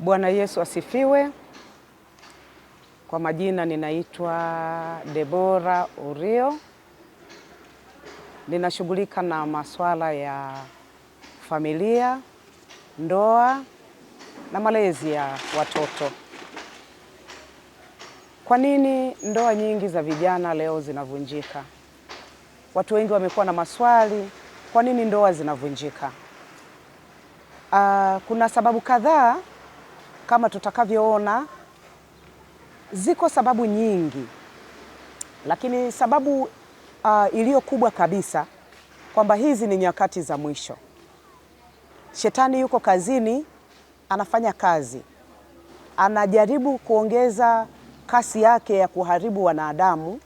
Bwana Yesu asifiwe. Kwa majina ninaitwa Debora Urio, ninashughulika na masuala ya familia, ndoa na malezi ya watoto. Kwa nini ndoa nyingi za vijana leo zinavunjika? Watu wengi wamekuwa na maswali, kwa nini ndoa zinavunjika? Uh, kuna sababu kadhaa kama tutakavyoona, ziko sababu nyingi, lakini sababu uh, iliyo kubwa kabisa kwamba hizi ni nyakati za mwisho. Shetani yuko kazini, anafanya kazi, anajaribu kuongeza kasi yake ya kuharibu wanadamu,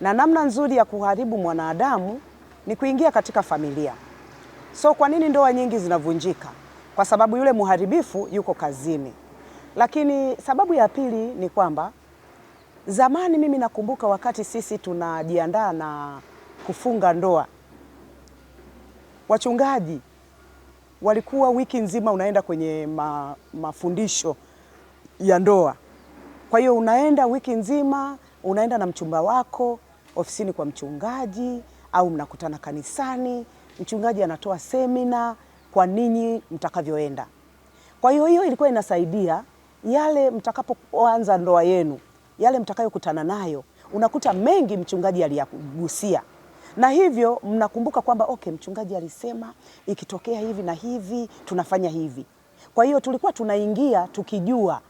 na namna nzuri ya kuharibu mwanadamu ni kuingia katika familia. So kwa nini ndoa nyingi zinavunjika? Kwa sababu yule muharibifu yuko kazini. Lakini sababu ya pili ni kwamba zamani, mimi nakumbuka wakati sisi tunajiandaa na kufunga ndoa, wachungaji walikuwa wiki nzima unaenda kwenye ma, mafundisho ya ndoa. Kwa hiyo unaenda wiki nzima, unaenda na mchumba wako ofisini kwa mchungaji au mnakutana kanisani, mchungaji anatoa semina kwa ninyi mtakavyoenda. Kwa hiyo hiyo ilikuwa inasaidia yale mtakapoanza ndoa yenu, yale mtakayokutana nayo, unakuta mengi mchungaji aliyagusia na hivyo mnakumbuka kwamba okay, mchungaji alisema ikitokea hivi na hivi tunafanya hivi. Kwa hiyo tulikuwa tunaingia tukijua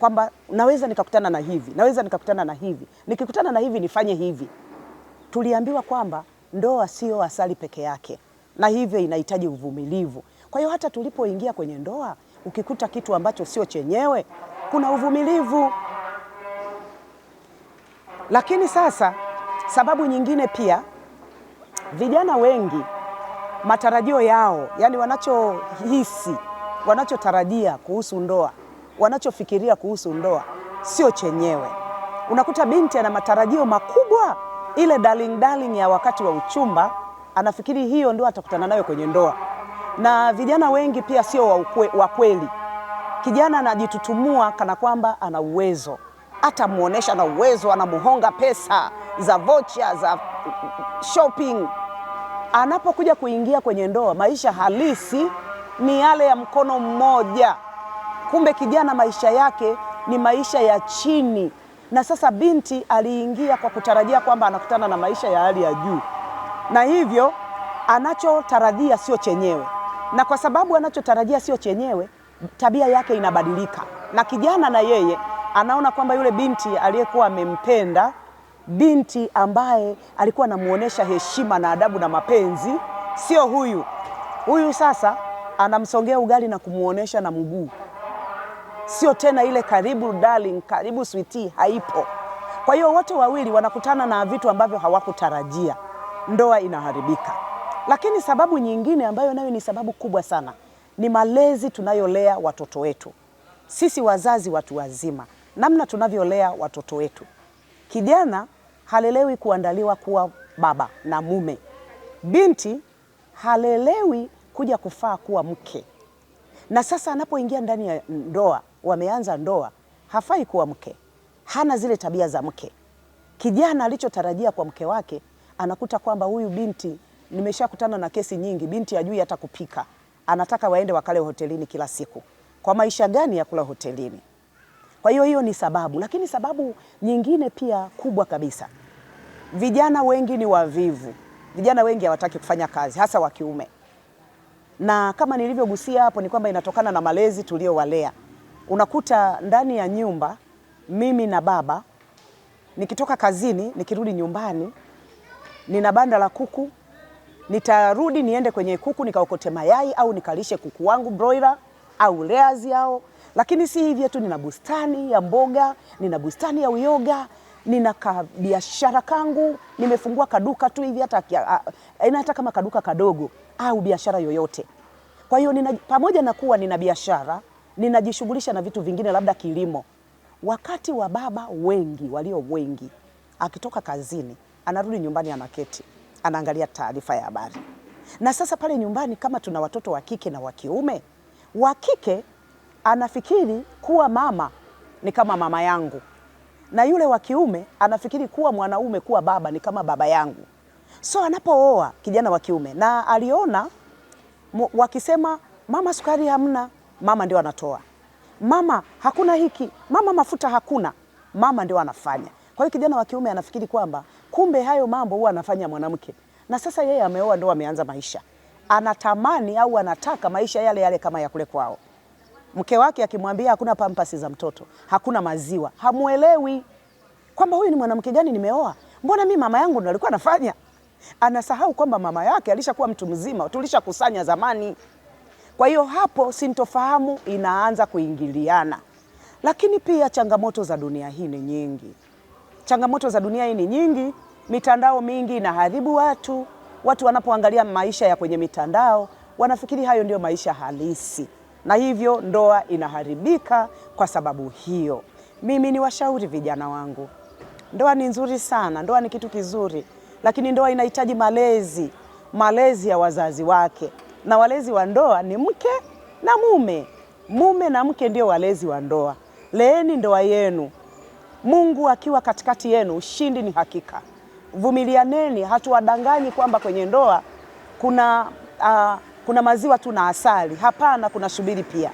kwamba naweza nikakutana na hivi, naweza nikakutana na hivi, nikikutana na hivi nifanye hivi. Tuliambiwa kwamba ndoa sio asali peke yake, na hivyo inahitaji uvumilivu. Kwa hiyo hata tulipoingia kwenye ndoa ukikuta kitu ambacho sio chenyewe, kuna uvumilivu. Lakini sasa, sababu nyingine pia, vijana wengi matarajio yao, yani wanachohisi, wanachotarajia kuhusu ndoa, wanachofikiria kuhusu ndoa sio chenyewe. Unakuta binti ana matarajio makubwa, ile darling darling ya wakati wa uchumba, anafikiri hiyo ndio atakutana nayo kwenye ndoa na vijana wengi pia sio wa kweli. Kijana anajitutumua kana kwamba ana uwezo, hata muonesha na uwezo, anamuhonga pesa za vocha za shopping. Anapokuja kuingia kwenye ndoa, maisha halisi ni yale ya mkono mmoja. Kumbe kijana maisha yake ni maisha ya chini, na sasa binti aliingia kwa kutarajia kwamba anakutana na maisha ya hali ya juu, na hivyo anachotarajia sio chenyewe na kwa sababu anachotarajia sio chenyewe, tabia yake inabadilika, na kijana na yeye anaona kwamba yule binti aliyekuwa amempenda, binti ambaye alikuwa anamuonesha heshima na adabu na mapenzi, sio huyu. Huyu sasa anamsongea ugali na kumuonesha na mguu, sio tena ile karibu darling, karibu sweetie, haipo. Kwa hiyo wote wawili wanakutana na vitu ambavyo hawakutarajia, ndoa inaharibika. Lakini sababu nyingine ambayo nayo ni sababu kubwa sana ni malezi tunayolea watoto wetu sisi wazazi watu wazima, namna tunavyolea watoto wetu. Kijana halelewi kuandaliwa kuwa baba na mume, binti halelewi kuja kufaa kuwa mke. Na sasa anapoingia ndani ya ndoa, wameanza ndoa, hafai kuwa mke, hana zile tabia za mke. Kijana alichotarajia kwa mke wake, anakuta kwamba huyu binti nimeshakutana na kesi nyingi, binti ajui hata kupika, anataka waende wakale hotelini kila siku. Kwa maisha gani ya kula hotelini? Kwa hiyo hiyo ni sababu, lakini sababu nyingine pia kubwa kabisa, vijana wengi ni wavivu. Vijana wengi hawataki kufanya kazi, hasa wa kiume, na kama nilivyogusia hapo ni kwamba inatokana na malezi tuliowalea. Unakuta ndani ya nyumba mimi na baba nikitoka kazini nikirudi nyumbani nina banda la kuku nitarudi niende kwenye kuku nikaokote mayai au nikalishe kuku wangu broiler au layers yao. Lakini si hivyo tu, nina bustani ya mboga, nina bustani ya uyoga, nina biashara kangu, nimefungua kaduka tu hivi, hata yaani hata kama kaduka kadogo au biashara yoyote. Kwa hiyo nina, pamoja na kuwa nina biashara ninajishughulisha na vitu vingine, labda kilimo. Wakati wa baba wengi walio wengi akitoka kazini anarudi nyumbani anaketi anaangalia taarifa ya habari. Na sasa pale nyumbani kama tuna watoto wa kike na wa kiume, wa kike anafikiri kuwa mama ni kama mama yangu, na yule wa kiume anafikiri kuwa mwanaume kuwa baba ni kama baba yangu. So anapooa kijana wa kiume na aliona wakisema mama sukari hamna, mama ndio anatoa, mama hakuna hiki, mama mafuta hakuna, mama ndio anafanya. Kwa hiyo kijana wa kiume anafikiri kwamba kumbe hayo mambo huwa anafanya mwanamke, na sasa yeye ameoa, ndo ameanza maisha, anatamani au anataka maisha yale yale kama ya kule kwao. Mke wake akimwambia hakuna pampasi za mtoto, hakuna maziwa, hamuelewi kwamba huyu ni mwanamke gani nimeoa. Mbona mi mama yangu ndo alikuwa anafanya? Anasahau kwamba mama yake alishakuwa mtu mzima, tulishakusanya zamani. Kwa hiyo hapo sintofahamu inaanza kuingiliana, lakini pia changamoto za dunia hii ni nyingi. Changamoto za dunia hii ni nyingi, mitandao mingi inaharibu watu. Watu wanapoangalia maisha ya kwenye mitandao wanafikiri hayo ndiyo maisha halisi, na hivyo ndoa inaharibika kwa sababu hiyo. Mimi ni washauri vijana wangu, ndoa ni nzuri sana, ndoa ni kitu kizuri, lakini ndoa inahitaji malezi, malezi ya wazazi wake, na walezi wa ndoa ni mke na mume. Mume na mke ndio walezi wa ndoa. Leeni ndoa yenu Mungu akiwa katikati yenu, ushindi ni hakika. Vumilianeni, hatuwadanganyi kwamba kwenye ndoa kuna, uh, kuna maziwa tu na asali. Hapana, kuna shubiri pia.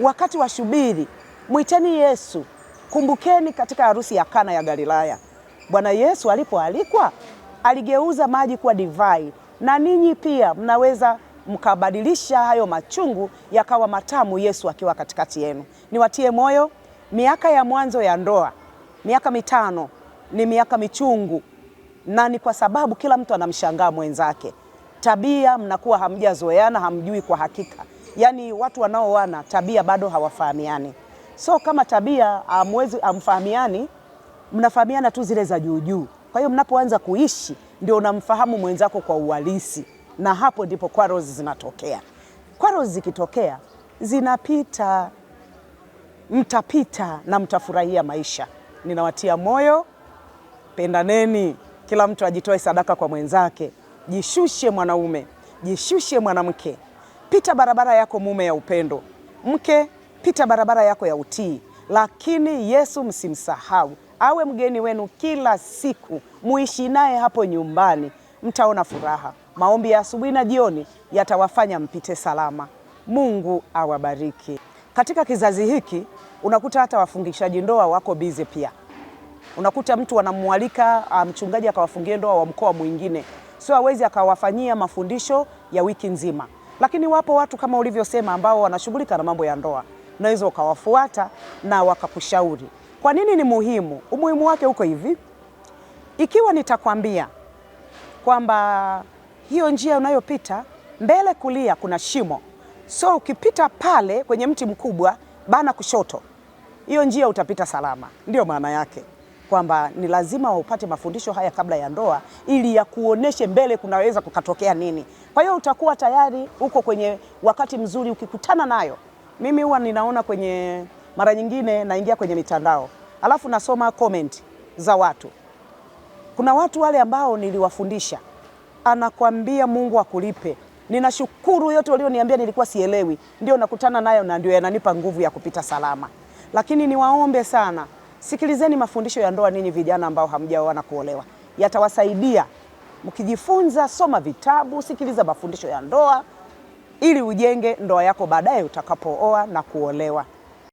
Wakati wa shubiri mwiteni Yesu. Kumbukeni katika harusi ya Kana ya Galilaya, Bwana Yesu alipoalikwa aligeuza maji kuwa divai, na ninyi pia mnaweza mkabadilisha hayo machungu yakawa matamu, Yesu akiwa katikati yenu. Niwatie moyo. Miaka ya mwanzo ya ndoa, miaka mitano ni miaka michungu, na ni kwa sababu kila mtu anamshangaa mwenzake, tabia mnakuwa hamjazoeana, hamjui kwa hakika. Yaani watu wanaoana tabia bado hawafahamiani, so kama tabia amwezi ah, amfahamiani, ah, mnafahamiana tu zile za juu juu. Kwa hiyo mnapoanza kuishi ndio unamfahamu mwenzako kwa uhalisi, na hapo ndipo quarrels zinatokea. Quarrels zikitokea zinapita mtapita na mtafurahia maisha. Ninawatia moyo, pendaneni, kila mtu ajitoe sadaka kwa mwenzake. Jishushe mwanaume, jishushe mwanamke, pita barabara yako mume ya upendo, mke pita barabara yako ya utii. Lakini Yesu msimsahau, awe mgeni wenu kila siku, muishi naye hapo nyumbani, mtaona furaha. Maombi ya asubuhi na jioni yatawafanya mpite salama. Mungu awabariki. Katika kizazi hiki unakuta hata wafungishaji ndoa wako bize pia, unakuta mtu anamwalika ah, mchungaji akawafungia ndoa wa mkoa mwingine, sio awezi akawafanyia mafundisho ya wiki nzima, lakini wapo watu kama ulivyosema ambao wanashughulika na mambo ya ndoa, unaweza ukawafuata na wakakushauri. Kwa nini ni muhimu? Umuhimu wake uko hivi, ikiwa nitakwambia kwamba hiyo njia unayopita mbele kulia kuna shimo So ukipita pale kwenye mti mkubwa bana kushoto, hiyo njia utapita salama. ndio maana yake kwamba ni lazima waupate mafundisho haya kabla ya ndoa, ili ya kuoneshe mbele kunaweza kukatokea nini. Kwa hiyo utakuwa tayari uko kwenye wakati mzuri ukikutana nayo. Mimi huwa ninaona kwenye, mara nyingine naingia kwenye mitandao alafu nasoma comment za watu. Kuna watu wale ambao niliwafundisha, anakwambia Mungu akulipe Ninashukuru yote walioniambia, nilikuwa sielewi, ndio nakutana nayo na ndio yananipa nguvu ya kupita salama. Lakini niwaombe sana, sikilizeni mafundisho ya ndoa, ninyi vijana ambao na kuolewa, yatawasaidia mkijifunza. Soma vitabu, sikiliza mafundisho ya ndoa ili ujenge ndoa yako baadaye utakapooa na kuolewa.